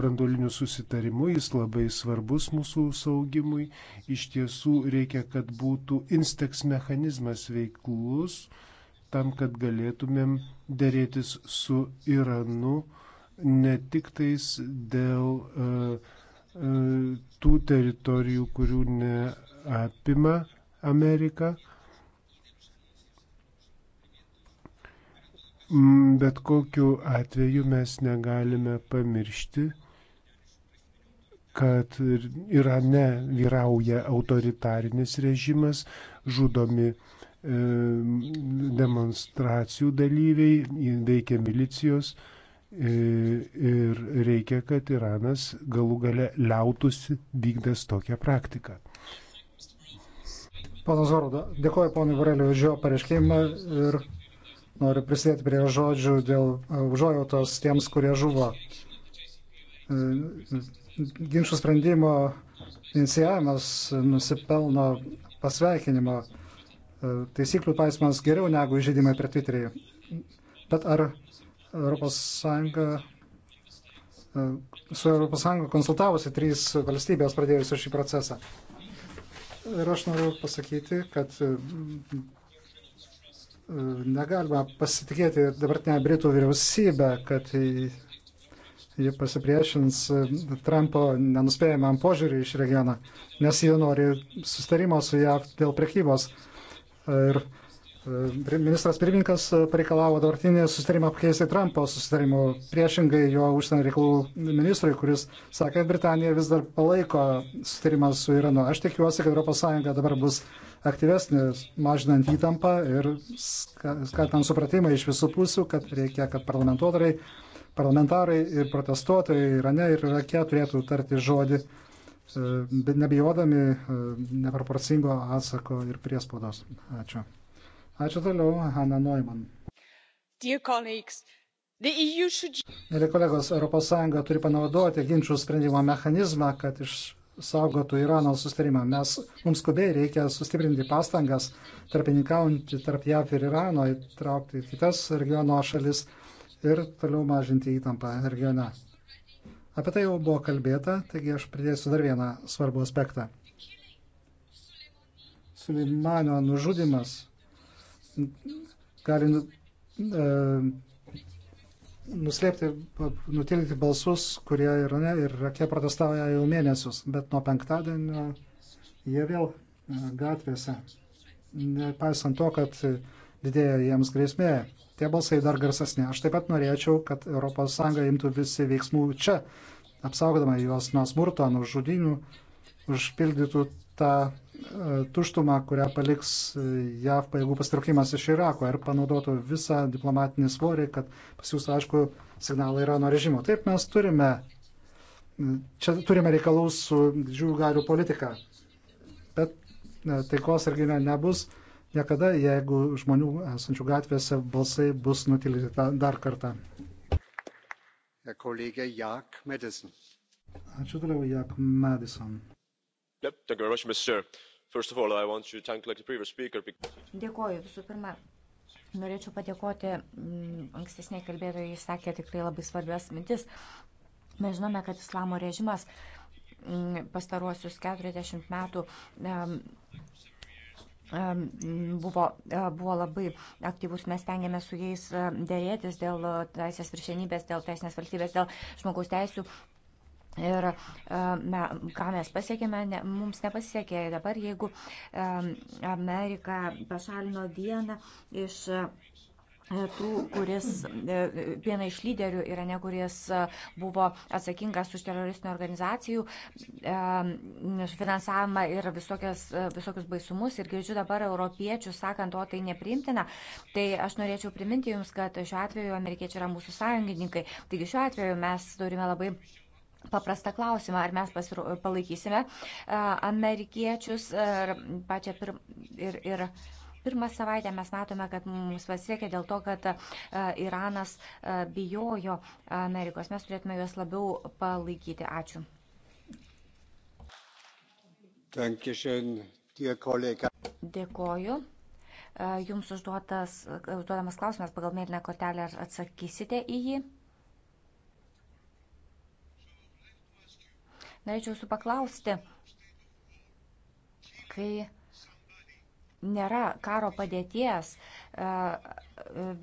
brandoliniu susitarimu, jis labai svarbus mūsų saugimui. Iš tiesų reikia, kad būtų insteks mechanizmas veiklus tam, kad galėtumėm dėrėtis su Iranu ne tik tais dėl e, e, tų teritorijų, kurių neapima Amerika, bet kokiu atveju mes negalime pamiršti, kad Irane vyrauja autoritarinis režimas, žudomi e, demonstracijų dalyviai, veikia milicijos, E, ir reikia, kad Iranas galų gale liautųsi vykdęs tokią praktiką. Pana Zorodo, dėkoju ponui Vareliu už jo pareiškimą ir noriu prisidėti prie žodžių dėl e, užuojautos tiems, kurie žuvo. E, ginčių sprendimo inicijavimas nusipelno pasveikinimo. Taisyklių paismas geriau negu žaidimai prie Twitterį. Bet ar Europos Sąjunga e, su Europos Sąjunga konsultavosi trys valstybės pradėjusios šį procesą. Ir aš noriu pasakyti, kad e, e, negalima pasitikėti dabartinę Britų vyriausybę, kad ji pasipriešins Trumpo nenuspėjamam požiūriui iš regioną, nes ji nori sustarimo su JAV dėl prekybos. Ir uh, Ministras pirmininkas pareikalavo dabartinį susitarimą pakeisti Trumpo susitarimu, priešingai jo užsienio reikalų ministrui, kuris sakė, kad Britanija vis dar palaiko susitarimą su Iranu. Aš tikiuosi, kad ES dabar bus aktyvesnė, mažinant įtampą ir skatant supratimą iš visų pusių, kad reikia, kad parlamentarai, parlamentarai ir protestuotojai Irane ir Irake turėtų tarti žodį e, nebijodami e, neproporcingo atsako ir priespaudos. Ačiū. Ačiū toliau, Hanna Neumann. E should... Mėly kolegos, ES turi panaudoti ginčių sprendimo mechanizmą, kad išsaugotų Irano sustarimą. Mes, mums skubiai reikia sustiprinti pastangas, tarpininkaujantį tarp JAV ir Irano, įtraukti kitas regiono šalis ir toliau mažinti įtampą regione. Apie tai jau buvo kalbėta, taigi aš pridėsiu dar vieną svarbų aspektą. Suleimanio nužudimas gali nu, e, nuslėpti, nutilgti balsus, kurie Irane ir Irake protestauja jau mėnesius, bet nuo penktadienio jie vėl e, gatvėse. Nepaisant to, kad didėja jiems grėsmė, tie balsai dar garsesni. Aš taip pat norėčiau, kad ES imtų visi veiksmų čia, apsaugodama juos nuo smurto, nuo žudinių, užpildytų tą tuštumą, kurią paliks JAV pajėgų pastraukimas iš Irako ir panaudotų visą diplomatinį svorį, kad pasiūstų aišku signalą Irano režimo. Taip mes turime, čia turime reikalaus su didžiųjų galių politika. Bet e, taikos argi nebus niekada, jeigu žmonių esančių gatvėse balsai bus nutilyti dar kartą. Kolegė Jak Madison. Ačiū toliau, Jak Madison. Dėkoju visų pirma. Norėčiau padėkoti mm, ankstesniai kalbėtojai, jis sakė tikrai labai svarbias mintis. Mes žinome, kad islamo režimas mm, pastaruosius 40 metų buvo, e, buvo labai aktyvus, mes tengiamės su jais e, dėrėtis dėl teisės viršenybės, dėl teisinės valstybės, dėl žmogaus teisų Ir na, e, ką mes pasiekėme, ne, mums nepasiekė. Dabar jeigu e, Amerika pašalino vieną iš e, tų, kuris viena iš lyderių yra ne, kuris buvo atsakingas už teroristinių organizacijų finansavimą ir visokias, visokius baisumus. Ir girdžiu dabar europiečių sakant, o tai nepriimtina. Tai aš norėčiau priminti Jums, kad šiuo atveju amerikiečiai yra mūsų sąjungininkai. Taigi šiuo atveju mes turime labai paprastą klausimą, ar mes pasiru, palaikysime amerikiečius ir pačią pirmą. Ir, ir, Pirmą savaitę mes matome, kad mums pasiekė dėl to, kad Iranas bijojo Amerikos. Mes turėtume juos labiau palaikyti. Ačiū. Dėkoju. Jums užduotas, užduodamas klausimas pagal mėlyną kortelę, ar atsakysite į jį? Norėčiau jūsų paklausti, kai nėra karo padėties, e,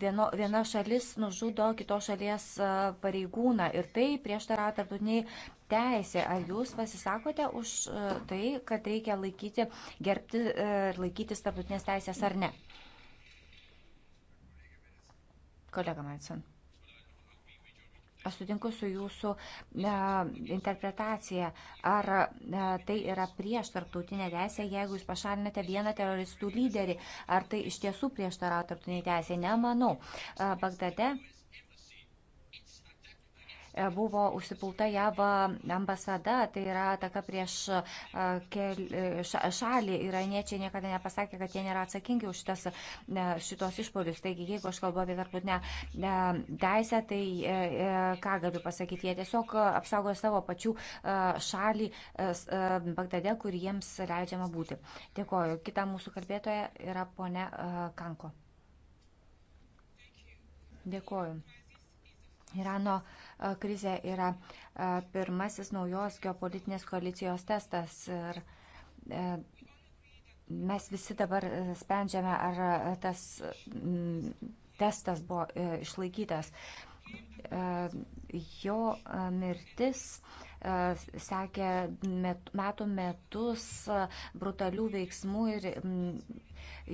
vieno, viena šalis nužudo kitos šalies e, pareigūną ir tai prieštarauja tarptautiniai teisė. Ar jūs pasisakote už e, tai, kad reikia laikyti, gerbti ir laikytis tarptautinės teisės ar ne? Kolega Matson. Aš sutinku su jūsų e, interpretacija. Ar e, tai yra prieš tarptautinę teisę, jeigu jūs pašalinate vieną teroristų lyderį? Ar tai iš tiesų prieštarauja tarptautiniai teisė? Nemanau. E, Bagdade buvo užsipulta JAV ambasada, tai yra ataka prieš e, e, šalį. Iraniečiai niekada nepasakė, kad jie nėra atsakingi už šitas, šitos išpolius. Taigi, jeigu aš kalbu apie tarptautinę teisę, tai e, ką galiu pasakyti, jie tiesiog apsaugoja savo pačių šalį Bagdade, kur jiems leidžiama būti. Dėkoju. Kita mūsų kalbėtoja yra ponia Kanko. Dėkoju. Irano uh, krizė yra pirmasis naujos geopolitinės koalicijos testas. Ir e, mes visi dabar e, sprendžiame, ar e, tas testas buvo išlaikytas. Jo mirtis sekė metų metus brutalių veiksmų ir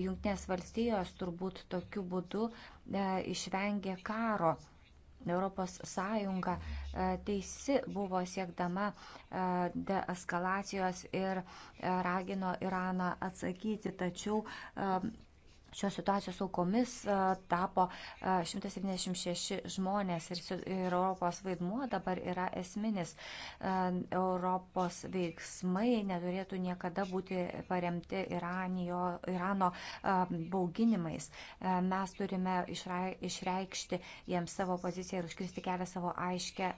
Junktinės valstijos turbūt tokiu būdu išvengė karo Europos Sąjunga e, teisi buvo siekdama e, deeskalacijos ir e, ragino Iraną atsakyti, tačiau Šios situacijos aukomis e, tapo 176 e, žmonės ir, ir Europos vaidmuo dabar yra esminis. E, Europos veiksmai neturėtų niekada būti paremti Iranijo, Irano bauginimais. Mes turime išreikšti jiems savo poziciją ir užkristi kelią savo aiškę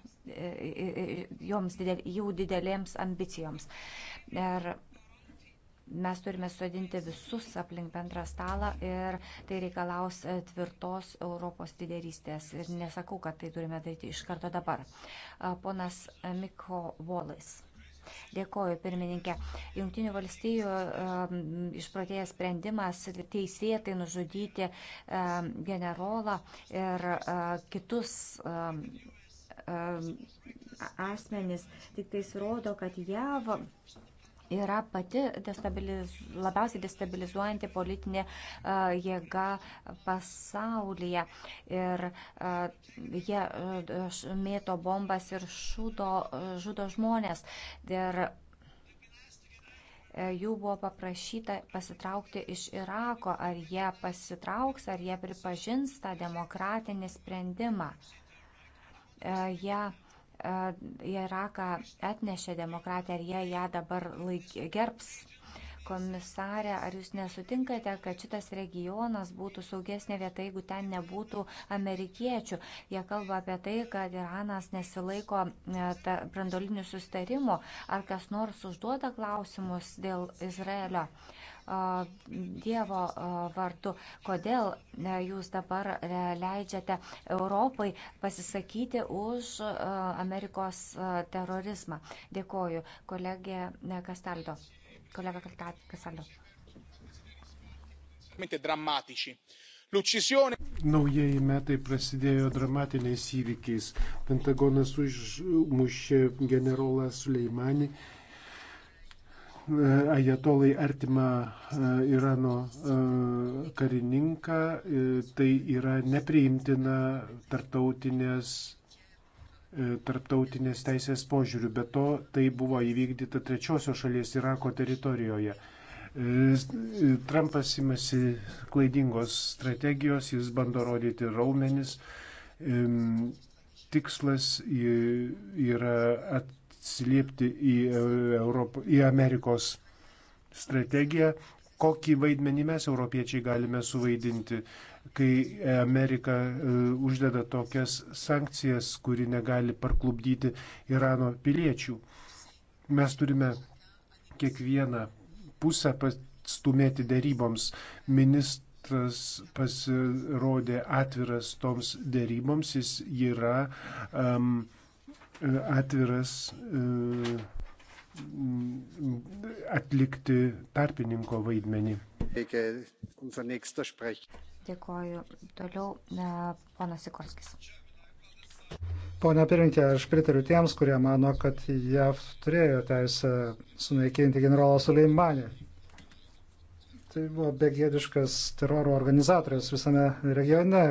joms didel, jų didelėms ambicijoms. Ir Mes turime sodinti visus aplink bendrą stalą ir tai reikalaus e, tvirtos Europos lyderystės. Ir nesakau, kad tai turime daryti iš karto dabar. Ponas e, Miko Volis. Dėkoju, pirmininkė. Junktinių valstybių um, išprotėjęs sprendimas teisėtai nužudyti um, generolą ir uh, kitus. Um, um, asmenis tik tais rodo, kad jav yra pati destabiliz... labiausiai destabilizuojanti politinė uh, jėga pasaulyje. Ir uh, jie uh, mėto bombas ir šudo, uh, žudo žmonės. Ir jų buvo paprašyta pasitraukti iš Irako, ar jie pasitrauks, ar jie pripažins tą demokratinį sprendimą. Jie į Iraką atnešė demokratiją ir jie ją dabar laik, gerbs. Komisarė, ar jūs nesutinkate, kad šitas regionas būtų saugesnė vieta, jeigu ten nebūtų amerikiečių? Jie kalba apie tai, kad Iranas nesilaiko e, brandolinių sustarimų. Ar kas nors užduoda klausimus dėl Izraelio? E, Dievo e, vardu, kodėl jūs dabar leidžiate Europai pasisakyti už Amerikos terorizmą. Dėkoju, kolegė Kastaldo. Kollega Kasaldo. Naujieji metai prasidėjo dramatiniais įvykiais. Pentagonas užmušė generolą Suleimanį, ajatolai artimą e, Irano e, karininką. E, tai yra nepriimtina tartautinės E, tarptautinės teisės požiūrių, bet to tai buvo įvykdyta trečiosios šalies Irako teritorijoje. E, e, Trumpas imasi klaidingos strategijos, jis bando rodyti raumenis. Tikslas yra atsiliepti į, Europą, į Amerikos strategiją, kokį vaidmenį mes, europiečiai, galime suvaidinti kai Amerika e, uždeda tokias sankcijas, kuri negali parklubdyti Irano piliečių. Mes turime kiekvieną pusę pastumėti dėryboms. Ministras pasirodė atviras toms dėryboms, jis yra um, atviras um, atlikti tarpininko vaidmenį. Dėkoju. Toliau e, ponas Sikorskis. Pone pirmininkė, aš pritariu tiems, kurie mano, kad JAV turėjo teisę sunaikinti generolą Suleimanį. Tai buvo begėdiškas teroro organizatorius visame regione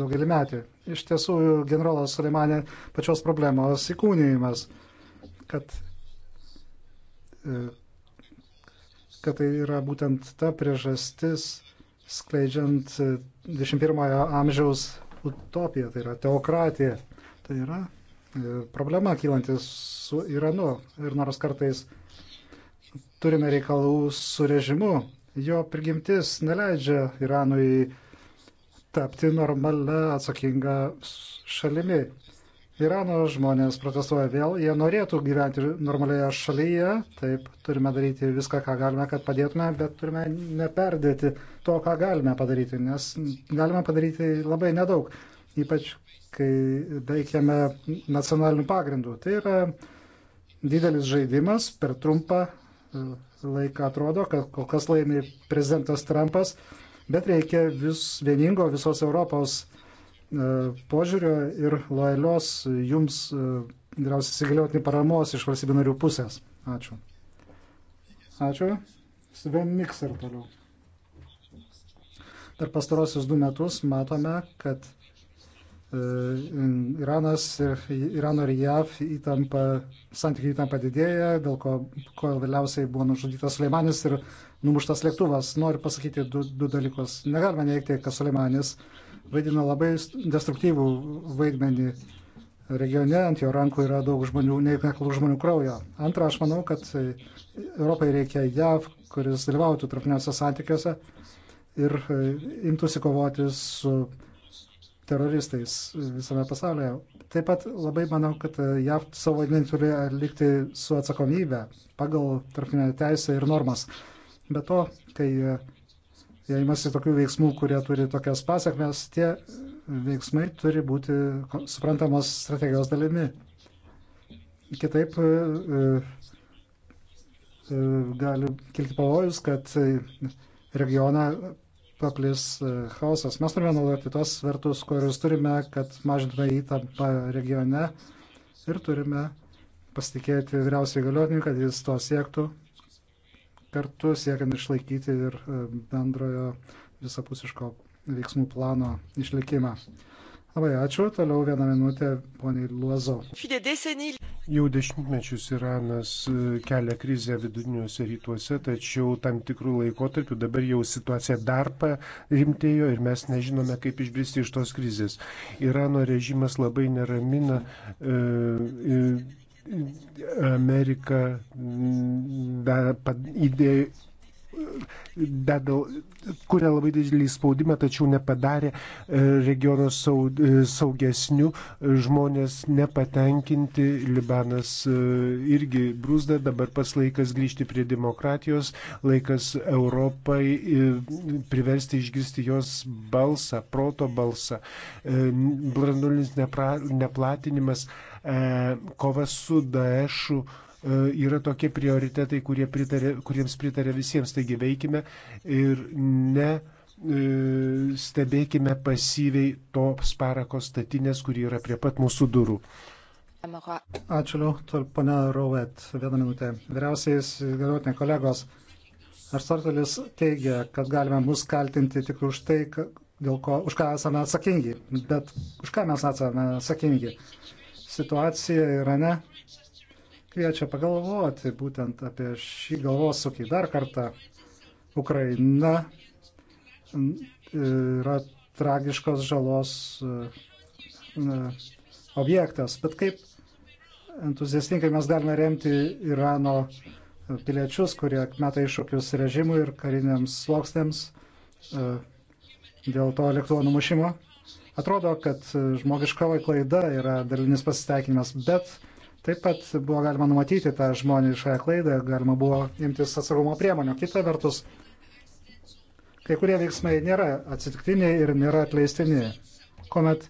daugelį metų. Iš tiesų, generolas Suleimanė pačios problemos įkūnyjimas, kad e, kad tai yra būtent ta priežastis, skleidžiant 21-ojo amžiaus utopiją, tai yra teokratija. Tai yra e, problema kylantis su Iranu. Ir nors kartais turime reikalų su režimu, jo prigimtis neleidžia Iranui tapti normalę atsakingą šalimi. Irano žmonės protestuoja vėl, jie norėtų gyventi normalioje šalyje, taip turime daryti viską, ką galime, kad padėtume, bet turime neperdėti to, ką galime padaryti, nes galime padaryti labai nedaug, ypač kai veikiame nacionaliniu pagrindu. Tai yra didelis žaidimas per trumpą e, laiką atrodo, kad kol kas laimi prezidentas Trumpas, bet reikia vis vieningo visos Europos E, požiūrio ir lojalios jums geriausiai įsigaliotinį paramos iš valstybių narių pusės. Ačiū. Ačiū. Sven Mikser toliau. Per pastarosius du metus matome, kad Iranas ir Irano ir JAV įtampa, santykiai įtampa didėja, dėl ko, ko vėliausiai buvo nužudytas Suleimanis ir numuštas lėktuvas. Noriu pasakyti du, du dalykus. Negalima neikti, kad Suleimanis vaidino labai destruktyvų vaidmenį regione, ant jo rankų yra daug žmonių, neįkneklų žmonių kraujo. Antra, aš manau, kad Europai reikia JAV, kuris dalyvautų trapniuose santykiuose ir e, imtųsi kovoti su teroristais visame pasaulyje. Taip pat labai manau, kad JAV savo vaidmenį turi atlikti su atsakomybė pagal tarptautinę teisę ir normas. Be to, kai jie imasi tokių veiksmų, kurie turi tokias pasiekmes, tie veiksmai turi būti suprantamos strategijos dalimi. Kitaip e, e, gali kilti pavojus, kad regioną paplis e, chaosas. Mes turime naudoti tos svertus, kuriuos turime, kad mažintume įtampą regione ir turime pasitikėti vyriausiai galiotiniu, kad jis to siektų kartu siekiant išlaikyti ir e, bendrojo visapusiško veiksmų plano išlikimą. Labai ačiū. Toliau vieną minutę, poniai Luozo. Jau dešimtmečius Iranas e, kelia krizę viduriniuose rytuose, tačiau tam tikrų laikotarpių dabar jau situacija dar rimtėjo ir mes nežinome, kaip išbristi iš tos krizės. Irano režimas labai neramina. E, e, Amerika da, padė, dedal, kuria labai didelį spaudimą, tačiau nepadarė e, regionus saug, e, saugesnių, žmonės nepatenkinti, Libanas e, irgi brūzda, dabar pas laikas grįžti prie demokratijos, laikas Europai priversti išgirsti jos balsą, proto balsą, brandulinis neplatinimas, kova su Daešu E, yra tokie prioritetai, kurie pritarė, kuriems pritarė visiems. Taigi veikime ir ne e, stebėkime pasyviai tos parako statinės, kuri yra prie pat mūsų durų. Ačiū, liu, pana Rauet, vieną minutę. Vyriausiais galiotinė kolegos, ar Sartelis teigia, kad galime mus kaltinti tik už tai, dėl ko, už ką esame atsakingi, bet už ką mes esame atsakingi? Situacija Irane kviečia pagalvoti būtent apie šį galvosūkį. Dar kartą Ukraina e, yra tragiškos žalos e, objektas. Bet kaip entuziastingai mes galime remti Irano piliečius, kurie meta iššūkius režimui ir kariniams sluoksnėms e, dėl to lėktuvo numušimo. Atrodo, kad žmogiškoji klaida yra dalinis pasiteikinimas, bet Taip pat buvo galima numatyti tą žmonišką klaidą, galima buvo imtis atsargumo priemonių. Kita vertus, kai kurie veiksmai nėra atsitiktiniai ir nėra atleistini. Komet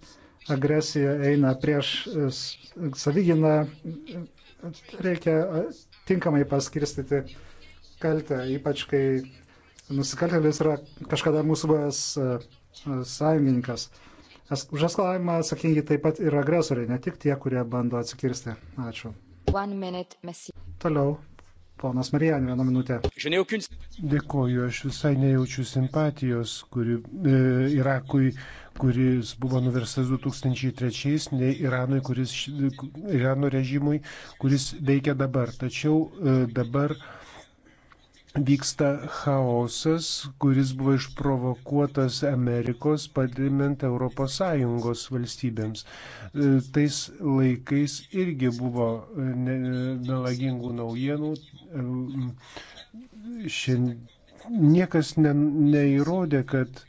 agresija eina prieš e, savyginą, reikia e, tinkamai paskirstyti kaltę, ypač kai nusikaltėlis yra kažkada mūsų buvęs e, sąjungininkas. Už eskalavimą atsakingi taip pat ir agresoriai, ne tik tie, kurie bando atsikirsti. Ačiū. Minute, Toliau, ponas Marijan, vieną minutę. Dėkoju, aš visai nejaučiu simpatijos kuri, e, Irakui, kuris buvo nuverstas 2003, nei Iranui, kuris, Irano režimui, kuris veikia dabar. Tačiau e, dabar e, vyksta chaosas, kuris buvo išprovokuotas Amerikos padimint ES valstybėms. E, tais laikais irgi buvo e, melagingų naujienų. E, šiandien niekas ne, neįrodė, kad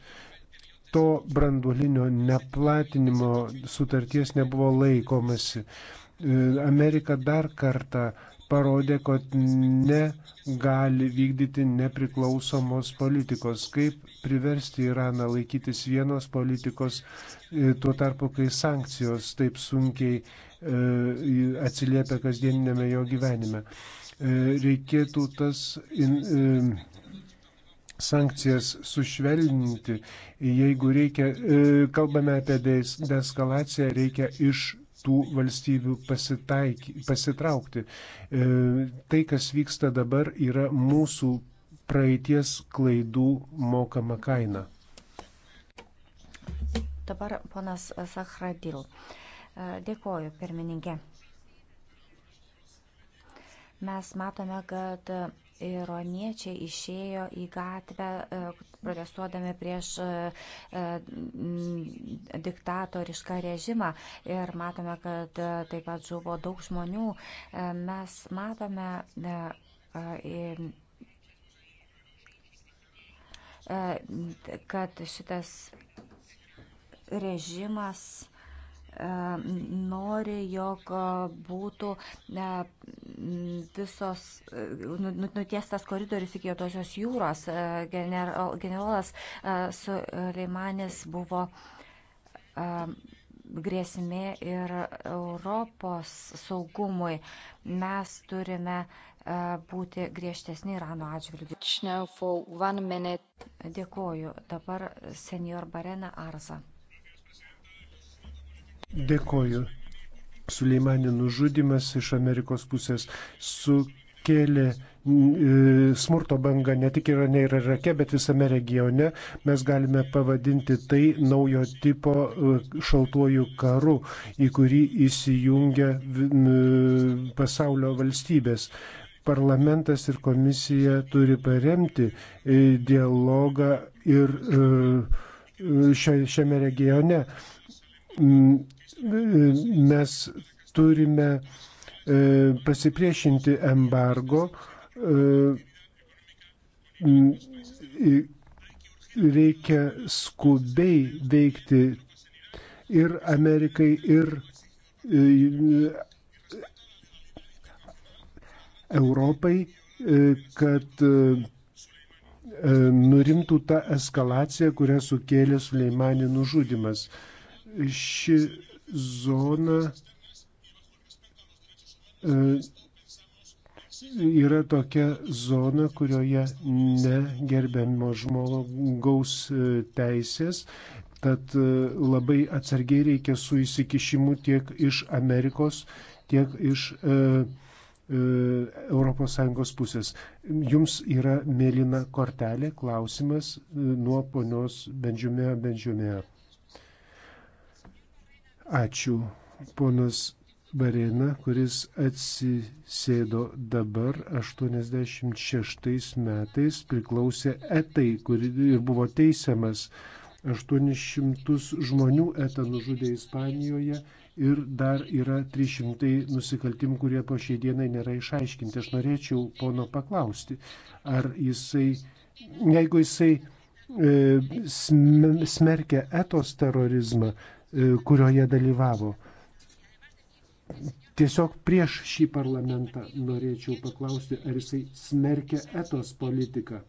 to branduolinio neplatinimo sutarties nebuvo laikomasi. Amerika dar kartą parodė, kad negali vykdyti nepriklausomos politikos. Kaip priversti Iraną laikytis vienos politikos, e, tuo tarpu, kai sankcijos taip sunkiai e, atsiliepia kasdieninėme jo gyvenime. E, reikėtų tas in, in, sankcijas sušvelninti, jeigu reikia, kalbame apie deeskalaciją, reikia iš tų valstybių pasitaiky, pasitraukti. E, tai, kas vyksta dabar, yra mūsų praeities klaidų mokama kaina. Dabar ponas Sahradil. E, dėkoju, pirmininkė. Mes matome, kad Ironiečiai išėjo į gatvę e, protestuodami prieš e, e, diktatorišką režimą ir matome, kad taip pat žuvo daug žmonių. Mes matome kad šitas režimas E, nori, jog e, būtų e, visos nu, nu, nutiestas koridorius iki Jodosios jūros. Generolas Suleimanis buvo grėsmė ir Europos saugumui. Mes turime būti griežtesni Irano atžvilgiu. Dėkuoju. Dabar senior Barena Arza. Dėkoju. Suleimanė nužudimas iš Amerikos pusės sukėlė e, smurto bangą ne tik Irane ir Irake, bet visame regione. Mes galime pavadinti tai naujo tipo e, šaltuoju karu, į kurį įsijungia e, pasaulio valstybės parlamentas ir komisija turi paremti dialogą ir šiame regione. Mm, mes turime e, pasipriešinti embargo. E, mm, reikia skubiai veikti ir Amerikai, ir e, Europai, kad nurimtų ta eskalacija, kurią sukėlė Suleimani nužudimas ši zona e, yra tokia zona, kurioje negerbiamo žmogaus e, teisės, tad e, labai atsargiai reikia su įsikišimu tiek iš Amerikos, tiek iš e, e, ES pusės. Jums yra mėlyna kortelė, klausimas nuo ponios Benžiumė Benžiumė. Ačiū ponas Barena, kuris atsisėdo dabar 86 metais, priklausė etai kuri, ir buvo teisiamas. 800 žmonių etą nužudė Ispanijoje ir dar yra 300 nusikaltimų, kurie po šiai dienai nėra išaiškinti. Aš norėčiau pono paklausti, ar jisai, jeigu jisai e, smerkia etos terorizmą, E, kurioje dalyvavo. Tiesiog prieš šį parlamentą norėčiau paklausti, ar jisai smerkia etos politiką.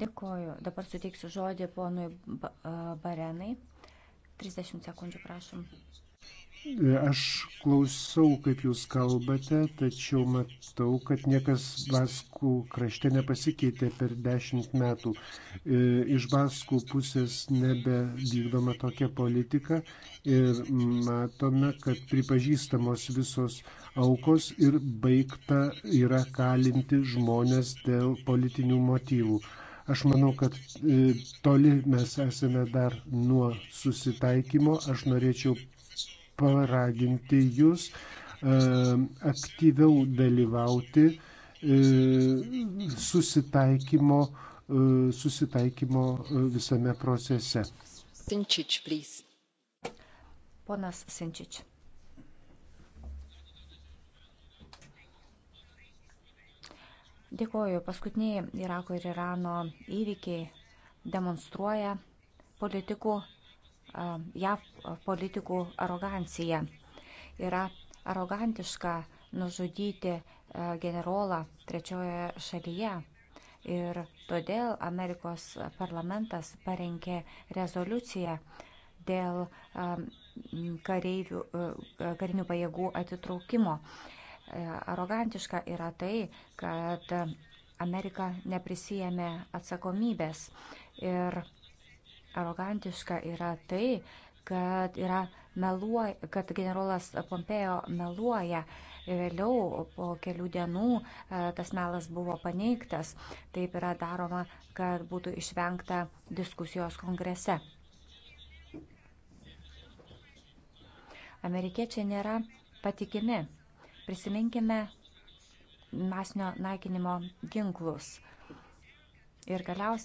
Dėkuoju. Dabar suteiksiu žodį ponui Barenai. 30 sekundžių prašom. Aš klausau, kaip jūs kalbate, tačiau matau, kad niekas Baskų krašte nepasikeitė per dešimt metų. E, iš Baskų pusės nebevykdoma tokia politika ir matome, kad pripažįstamos visos aukos ir baigta yra kalinti žmonės dėl politinių motyvų. Aš manau, kad e, toli mes esame dar nuo susitaikymo. Aš norėčiau paraginti jūs e, aktyviau dalyvauti e, susitaikymo, e, susitaikymo visame procese. Sinčič, please. Ponas Sinčič. Dėkoju. Paskutiniai Irako ir Irano įvykiai demonstruoja politikų JAV politikų arogancija. Yra arogantiška nužudyti generolą trečiojoje šalyje. Ir todėl Amerikos parlamentas parengė rezoliuciją dėl kareivių, karinių pajėgų atitraukimo. Arogantiška yra tai, kad Amerika neprisijėmė atsakomybės ir arogantiška yra tai, kad, yra meluoja, kad generolas Pompeo meluoja. Vėliau po kelių dienų e, tas melas buvo paneigtas. Taip yra daroma, kad būtų išvengta diskusijos kongrese. Amerikiečiai nėra patikimi. Prisiminkime masinio naikinimo ginklus. Ir galiausiai